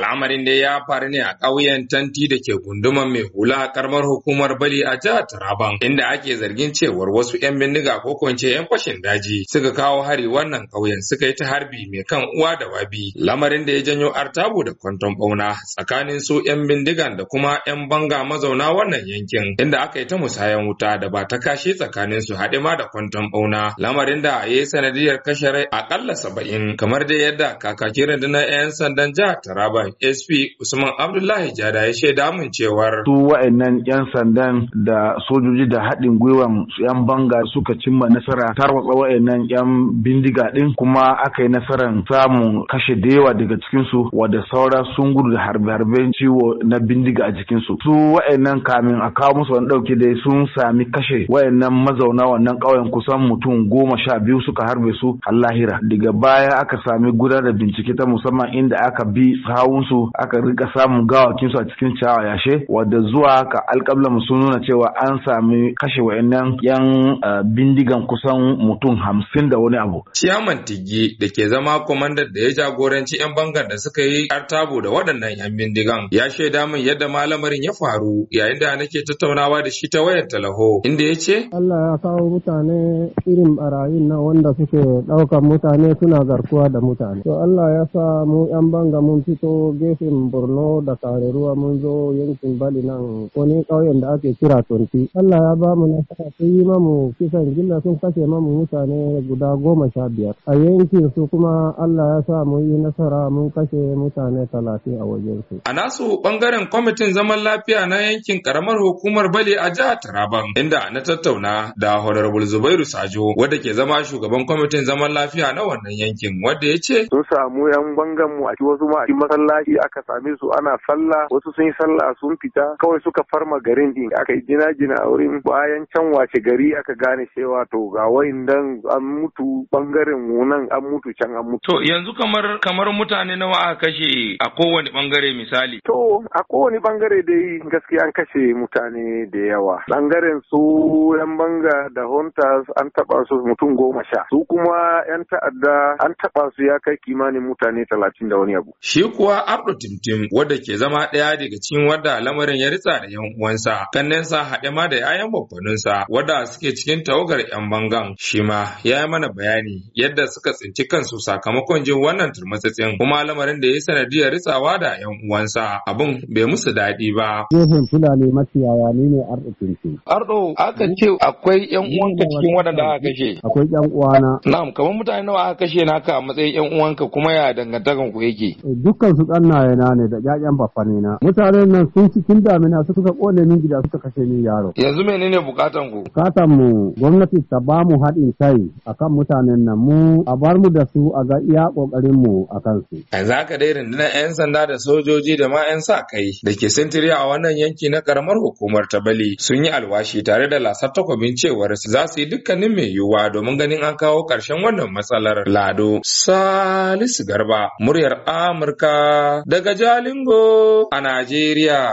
Al'amarin da ya faru ne a ƙauyen Tanti da ke gunduman mai hula a karamar hukumar Bali a jihar Taraban, inda ake zargin cewar wasu 'yan bindiga ko kwance 'yan fashin daji suka kawo hari wannan ƙauyen suka yi ta harbi mai kan uwa da wabi. Lamarin da ya janyo artabu da kwanton bauna tsakanin su 'yan bindigan da kuma 'yan banga mazauna wannan yankin, inda aka yi ta musayan wuta da ba ta kashe tsakanin su haɗe ma da kwanton bauna. Lamarin da ya yi sanadiyar kashe rai aƙalla saba'in kamar dai yadda kakakin rundunar 'yan sandan jihar Taraban Taraban SP Usman Abdullahi Jada ya shaida mun cewar su wa'annan yan sandan da sojoji da haɗin gwiwan yan banga suka cimma nasara tarwatsa wa'annan yan bindiga din kuma aka yi nasarar samun kashe da yawa daga cikin su wanda saura sun gudu da harbe-harben ciwo na bindiga a jikin su su wa'annan kamin a kawo musu wani dauke dai sun sami kashe wa'annan mazauna wannan ƙauyen kusan mutum goma sha biyu suka harbe su har lahira daga baya aka sami gudanar da bincike ta musamman inda aka bi sawun musu aka rika samun gawakin su a cikin ciyawa yashe wadda zuwa ka alƙablan sun nuna cewa an sami kashe wayannan yan eh, bindigan kusan mutum hamsin da wani abu. Ciyaman Tigi da ke zama kwamandan da ya jagoranci 'yan bangar da suka yi artabo da waɗannan 'yan bindigan ya shaida min yadda malamarin ya faru yayin da nake tattaunawa da shi ta wayar talaho inda ya ce. Allah ya kawo mutane irin barayin na wanda suke ɗaukar mutane suna garkuwa da mutane. To Allah ya sa mu 'yan banga mun fito gefen borno da ruwa mun zo yankin bali nan wani ƙauyen da ake kira tonti allah ya ba mu nasara sun yi mamu kisan gilla sun kashe mamu mutane guda goma sha biyar a yankin su kuma allah ya sa mu yi nasara mun kashe mutane talatin a wajen su a nasu bangaren kwamitin zaman lafiya na yankin karamar hukumar bali a jihar taraban inda na tattauna da honorable zubairu sajo wadda ke zama shugaban kwamitin zaman lafiya na wannan yankin wadda ya ce sun samu yan bangan mu a wasu ma a cikin masallaci aka same su ana sallah wasu sun yi sallah sun fita kawai suka farma garin din aka yi gina jina a wurin bayan can wace gari aka gane cewa to ga wayandan an mutu bangaren nan an mutu can an mutu. To yanzu kamar kamar mutane nawa aka kashe a kowane bangare misali. To a kowane bangare dai gaskiya an kashe mutane da yawa. Bangaren su yan banga da hunters an taba su mutum goma sha. Su kuma yan ta'adda an taba su ya kai kimanin mutane talatin da wani abu. Shi kuwa Musa Abdu Timtim wadda ke zama ɗaya daga cikin wadda lamarin ya ritsa da yan uwansa kannensa haɗe ma da yayan babbaninsa wadda suke cikin tawagar yan bangan shi ma ya yi mana bayani yadda suka tsinci kansu sakamakon jin wannan turmutsatsin kuma lamarin da ya yi sanadiyar ritsawa da yan uwansa abin bai musu daɗi ba. Gefen Fulani makiyaya ni ne Ardo Timtim. Ardo aka ce akwai yan uwanka cikin waɗanda aka kashe. Akwai yan uwana. Na'am kamar mutane nawa aka kashe naka a matsayin yan uwanka kuma ya dangantakan ku yake. Eh, Dukkan su ƙannaye na ne da ƴaƴan baffane na mutanen nan sun cikin damina suka kone min gida suka kashe min yaro yanzu menene bukatan ku bukatan mu gwamnati ta ba mu haɗin kai akan mutanen nan mu a bar mu da su a ga iya ƙoƙarin mu a kansu yanzu haka dai rundunar 'yan sanda da sojoji da ma 'yan sa kai da ke sintiri a wannan yanki na karamar hukumar ta bali sun yi alwashi tare da lasar takwabin cewar za su yi dukkanin mai yiwuwa domin ganin an kawo ƙarshen wannan matsalar lado salisu garba muryar amurka daga Jalingo a Najeriya.